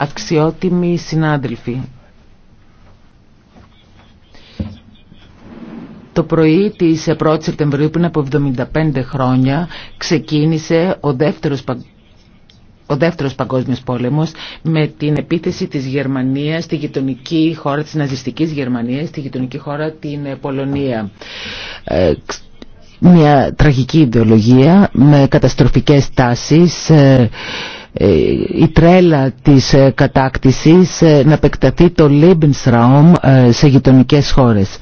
Αξιότιμοι συνάδελφοι, το πρωί της 1ης Σεπτεμβρίου πριν από 75 χρόνια ξεκίνησε ο δεύτερος ο δεύτερος παγκόσμιος πόλεμος με την επίθεση της Γερμανίας στη γειτονική χώρα της ναζιστικής Γερμανίας, στη γειτονική χώρα την Πολωνία. Ε, μια τραγική ιδεολογία με καταστροφικές τάσεις ε, ε, η τρέλα της ε, κατάκτησης ε, να επεκταθεί το Lebensraum σε γειτονικές χώρες.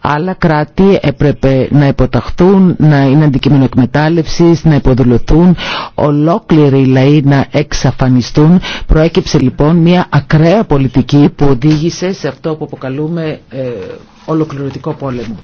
Άλλα κράτη έπρεπε να υποταχθούν, να είναι αντικείμενο εκμετάλλευση, να υποδουλωθούν, ολόκληροι λαοί να εξαφανιστούν. Προέκυψε λοιπόν μια ακραία πολιτική που οδήγησε σε αυτό που αποκαλούμε ολοκληρωτικό πόλεμο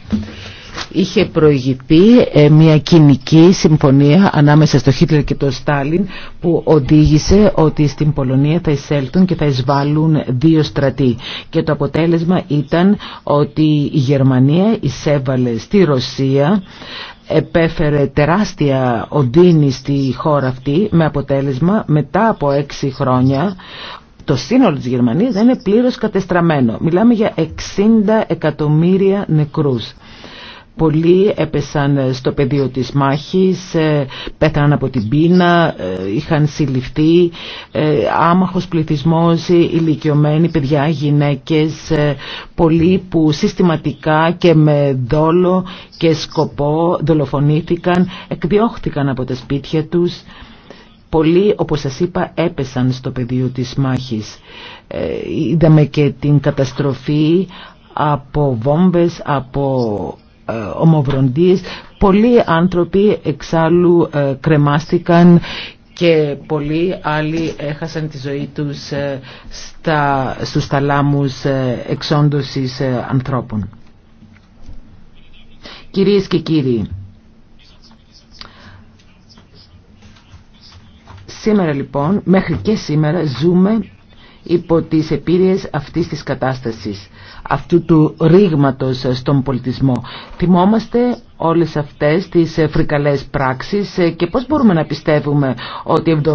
είχε προηγηθεί ε, μια κοινική συμφωνία ανάμεσα στο Χίτλερ και το Στάλιν που οδήγησε ότι στην Πολωνία θα εισέλθουν και θα εισβάλλουν δύο στρατοί. Και το αποτέλεσμα ήταν ότι η Γερμανία εισέβαλε στη Ρωσία επέφερε τεράστια οντίνη στη χώρα αυτή με αποτέλεσμα μετά από έξι χρόνια το σύνολο της Γερμανίας δεν είναι πλήρως κατεστραμμένο. Μιλάμε για 60 εκατομμύρια νεκρούς. Πολλοί έπεσαν στο πεδίο της μάχης, ε, πέθαναν από την πείνα, ε, είχαν συλληφθεί, ε, άμαχος πληθυσμός, ηλικιωμένοι, παιδιά, γυναίκες, πολλοί που συστηματικά και με δόλο και σκοπό δολοφονήθηκαν, εκδιώχθηκαν από τα σπίτια τους. Πολλοί, όπως σας είπα, έπεσαν στο πεδίο της μάχης. Είδαμε και την καταστροφή από βόμβες, από ε, ομοβροντίες. Πολλοί άνθρωποι εξάλλου ε, κρεμάστηκαν και πολλοί άλλοι έχασαν τη ζωή τους ε, στα, στους εξόντωση εξόντωσης ανθρώπων. Κυρίες και κύριοι, σήμερα λοιπόν, μέχρι και σήμερα ζούμε υπό τις επίρειες αυτής της κατάστασης, αυτού του ρήγματος στον πολιτισμό. Θυμόμαστε όλες αυτές τις ε, φρικαλές πράξεις ε, και πώς μπορούμε να πιστεύουμε ότι 70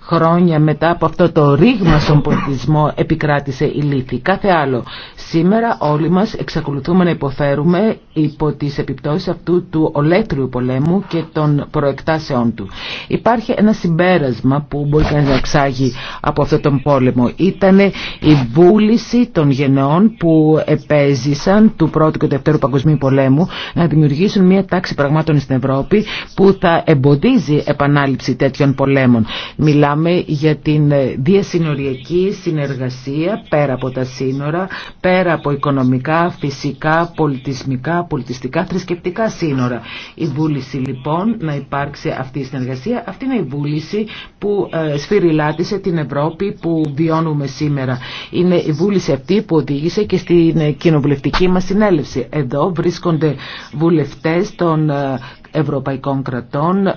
χρόνια μετά από αυτό το ρήγμα στον πολιτισμό επικράτησε η λύθη. Κάθε άλλο, σήμερα όλοι μας εξακολουθούμε να υποφέρουμε υπό τις επιπτώσεις αυτού του ολέτριου πολέμου και των προεκτάσεών του. Υπάρχει ένα συμπέρασμα που μπορεί να εξάγει από αυτόν τον πόλεμο. Ήταν η βούληση των γενεών που επέζησαν του πρώτου και του δεύτερου παγκοσμίου πολέμου να δημιουργήσουν δημιουργήσουν μια τάξη πραγμάτων στην Ευρώπη που θα εμποδίζει επανάληψη τέτοιων πολέμων. Μιλάμε για την ε, διασυνοριακή συνεργασία πέρα από τα σύνορα, πέρα από οικονομικά, φυσικά, πολιτισμικά, πολιτιστικά, θρησκευτικά σύνορα. Η βούληση λοιπόν να υπάρξει αυτή η συνεργασία, αυτή είναι η βούληση που ε, σφυριλάτησε την Ευρώπη που βιώνουμε σήμερα. Είναι η βούληση αυτή που οδήγησε και στην ε, κοινοβουλευτική μας συνέλευση. Εδώ βρίσκονται βουλευτές βουλευτές των ε, ευρωπαϊκών κρατών, ε,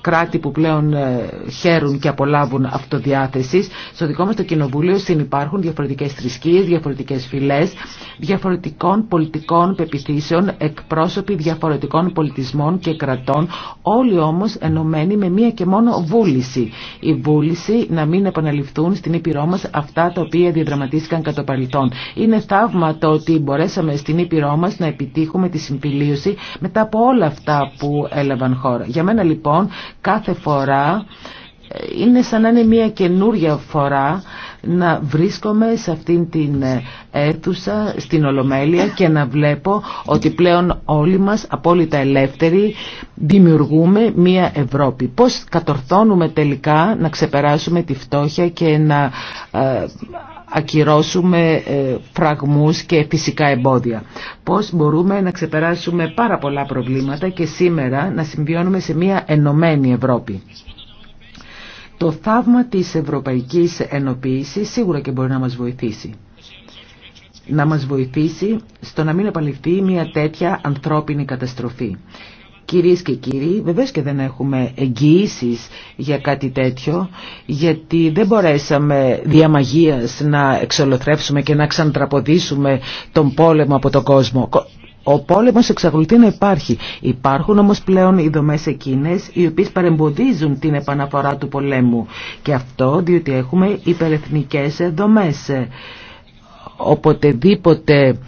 κράτη που πλέον ε, χαίρουν και απολάβουν αυτοδιάθεσης. Στο δικό μας το Κοινοβούλιο συνυπάρχουν διαφορετικές θρησκείες, διαφορετικές φυλές, διαφορετικών πολιτικών πεπιθήσεων, εκπρόσωποι διαφορετικών πολιτισμών και κρατών, όλοι όμως ενωμένοι με μία και μόνο βούληση. Η βούληση να μην επαναληφθούν στην Ήπειρό μας αυτά τα οποία διαδραματίστηκαν κατά το παρελθόν. Είναι θαύμα το ότι μπορέσαμε στην Ήπειρό μας να επιτύχουμε τη συμπηλίωση μετά από όλα αυτά που έλαβαν χώρα. Για μένα λοιπόν κάθε φορά ε, είναι σαν να είναι μια καινούρια φορά να βρίσκομαι σε αυτήν την ε, αίθουσα, στην Ολομέλεια και να βλέπω ότι πλέον όλοι μας, απόλυτα ελεύθεροι, δημιουργούμε μια Ευρώπη. Πώς κατορθώνουμε τελικά να ξεπεράσουμε τη φτώχεια και να ε, ακυρώσουμε ε, φραγμούς και φυσικά εμπόδια. Πώς μπορούμε να ξεπεράσουμε πάρα πολλά προβλήματα και σήμερα να συμβιώνουμε σε μια ενωμένη Ευρώπη. Το θαύμα της ευρωπαϊκής ενοποίησης σίγουρα και μπορεί να μας βοηθήσει. Να μας βοηθήσει στο να μην επαληφθεί μια τέτοια ανθρώπινη καταστροφή. Κυρίες και κύριοι, βεβαίως και δεν έχουμε εγγυήσει για κάτι τέτοιο, γιατί δεν μπορέσαμε διαμαγείας να εξολοθρεύσουμε και να ξαντραποδίσουμε τον πόλεμο από τον κόσμο. Ο πόλεμος εξακολουθεί να υπάρχει. Υπάρχουν όμως πλέον οι δομές εκείνες οι οποίες παρεμποδίζουν την επαναφορά του πολέμου. Και αυτό διότι έχουμε υπερεθνικές δομές. Οποτεδήποτε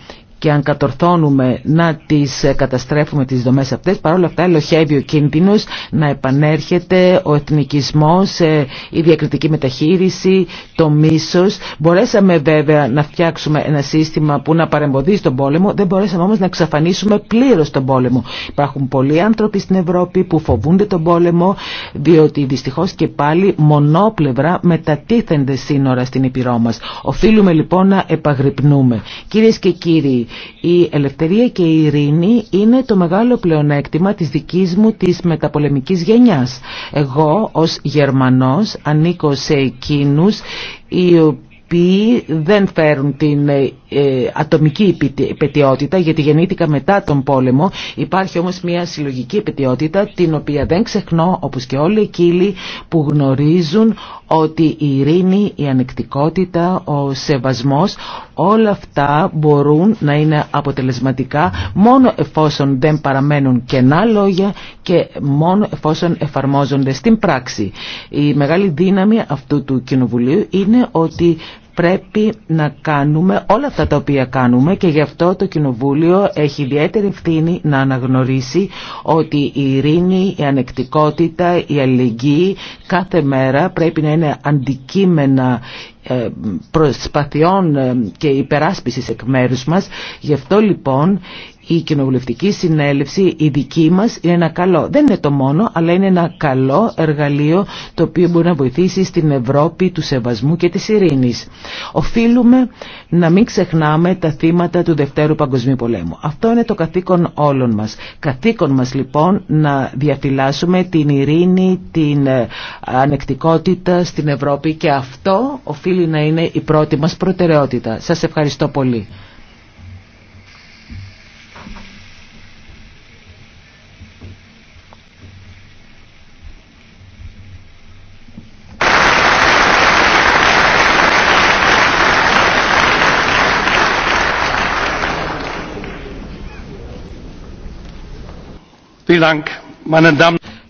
και αν κατορθώνουμε να τις ε, καταστρέφουμε τις δομές αυτές, παρόλα αυτά ελοχεύει ο κίνδυνος να επανέρχεται ο εθνικισμός, ε, η διακριτική μεταχείριση, το μίσος. Μπορέσαμε βέβαια να φτιάξουμε ένα σύστημα που να παρεμποδίζει τον πόλεμο, δεν μπορέσαμε όμως να εξαφανίσουμε πλήρως τον πόλεμο. Υπάρχουν πολλοί άνθρωποι στην Ευρώπη που φοβούνται τον πόλεμο, διότι δυστυχώς και πάλι μονόπλευρα μετατίθενται σύνορα στην Ήπειρό μας. Οφείλουμε λοιπόν να επαγρυπνούμε. Κυρίε και κύριοι, η ελευθερία και η ειρήνη είναι το μεγάλο πλεονέκτημα της δικής μου της μεταπολεμικής γενιάς. Εγώ ως Γερμανός ανήκω σε εκείνους οι οποίοι δεν φέρουν την ε, ε, ατομική υπετιότητα γιατί γεννήθηκα μετά τον πόλεμο υπάρχει όμως μια συλλογική υπετιότητα την οποία δεν ξεχνώ όπως και όλοι εκείνοι που γνωρίζουν ότι η ειρήνη, η ανεκτικότητα, ο σεβασμός Όλα αυτά μπορούν να είναι αποτελεσματικά μόνο εφόσον δεν παραμένουν κενά λόγια και μόνο εφόσον εφαρμόζονται στην πράξη. Η μεγάλη δύναμη αυτού του Κοινοβουλίου είναι ότι πρέπει να κάνουμε όλα αυτά τα οποία κάνουμε και γι' αυτό το Κοινοβούλιο έχει ιδιαίτερη ευθύνη να αναγνωρίσει ότι η ειρήνη, η ανεκτικότητα, η αλληλεγγύη κάθε μέρα πρέπει να είναι αντικείμενα ε, προσπαθειών ε, και υπεράσπισης εκ μέρους μας. Γι' αυτό λοιπόν η κοινοβουλευτική συνέλευση, η δική μας, είναι ένα καλό, δεν είναι το μόνο, αλλά είναι ένα καλό εργαλείο το οποίο μπορεί να βοηθήσει στην Ευρώπη του σεβασμού και της ειρήνης. Οφείλουμε να μην ξεχνάμε τα θύματα του Δευτέρου Παγκοσμίου Πολέμου. Αυτό είναι το καθήκον όλων μας. Καθήκον μας λοιπόν να διαφυλάσσουμε την ειρήνη, την ε, ανεκτικότητα στην Ευρώπη και αυτό οφείλει να είναι η πρώτη μας προτεραιότητα. Σας ευχαριστώ πολύ.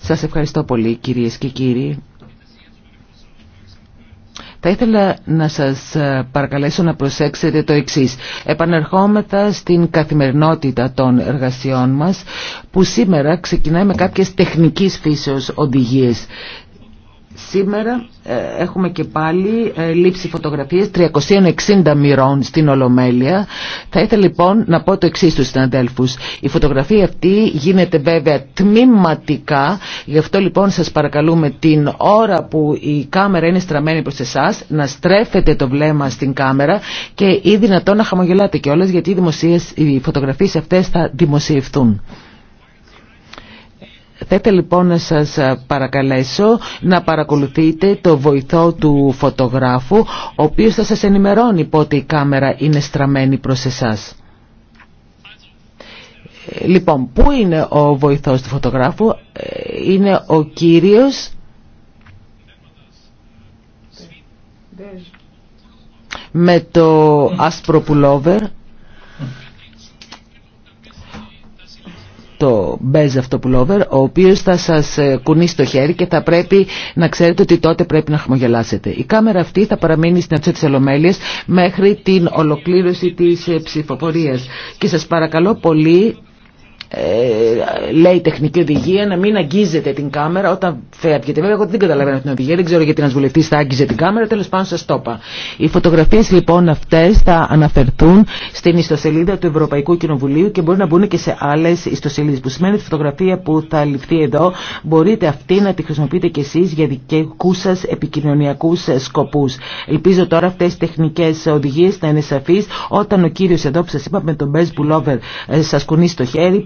Σας ευχαριστώ πολύ κυρίες και κύριοι. Θα ήθελα να σας ε, παρακαλέσω να προσέξετε το εξής. Επανερχόμεθα στην καθημερινότητα των εργασιών μας που σήμερα ξεκινάει με κάποιες τεχνικής φύσεως οδηγίες Σήμερα ε, έχουμε και πάλι ε, λήψη φωτογραφίες 360 μοιρών στην Ολομέλεια. Θα ήθελα λοιπόν να πω το εξής τους συναδέλφους. Η φωτογραφία αυτή γίνεται βέβαια τμήματικά, γι' αυτό λοιπόν σας παρακαλούμε την ώρα που η κάμερα είναι στραμμένη προς εσάς να στρέφετε το βλέμμα στην κάμερα και ή δυνατόν να χαμογελάτε κιόλας γιατί οι, οι φωτογραφίες αυτές θα δημοσιευθούν. Θα λοιπόν να σας ε, παρακαλέσω να παρακολουθείτε το βοηθό του φωτογράφου, ο οποίος θα σας ενημερώνει πότε η κάμερα είναι στραμμένη προς εσάς. Ε, λοιπόν, πού είναι ο βοηθός του φωτογράφου, ε, είναι ο κύριος με το άσπρο πουλόβερ. το μπέζ αυτό ο οποίος θα σας ε, κουνήσει το χέρι και θα πρέπει να ξέρετε ότι τότε πρέπει να χαμογελάσετε. Η κάμερα αυτή θα παραμείνει στην ατσία τη μέχρι την ολοκλήρωση της ε, ψηφοφορίας. Και σας παρακαλώ πολύ ε, λέει τεχνική οδηγία να μην αγγίζετε την κάμερα όταν φεύγετε. Βέβαια, εγώ δεν καταλαβαίνω την οδηγία, δεν ξέρω γιατί ένα βουλευτή θα άγγιζε την κάμερα, τέλο πάντων σα το είπα. Οι φωτογραφίε λοιπόν αυτέ θα αναφερθούν στην ιστοσελίδα του Ευρωπαϊκού Κοινοβουλίου και μπορεί να μπουν και σε άλλε ιστοσελίδε. Που σημαίνει ότι η φωτογραφία που θα ληφθεί εδώ μπορείτε αυτή να τη χρησιμοποιείτε κι εσεί για δικού σα επικοινωνιακού σκοπού. Ελπίζω τώρα αυτέ οι τεχνικέ οδηγίε να είναι σαφεί όταν ο κύριο εδώ που σα είπα με τον Μπέζ ε, σα κουνεί στο χέρι.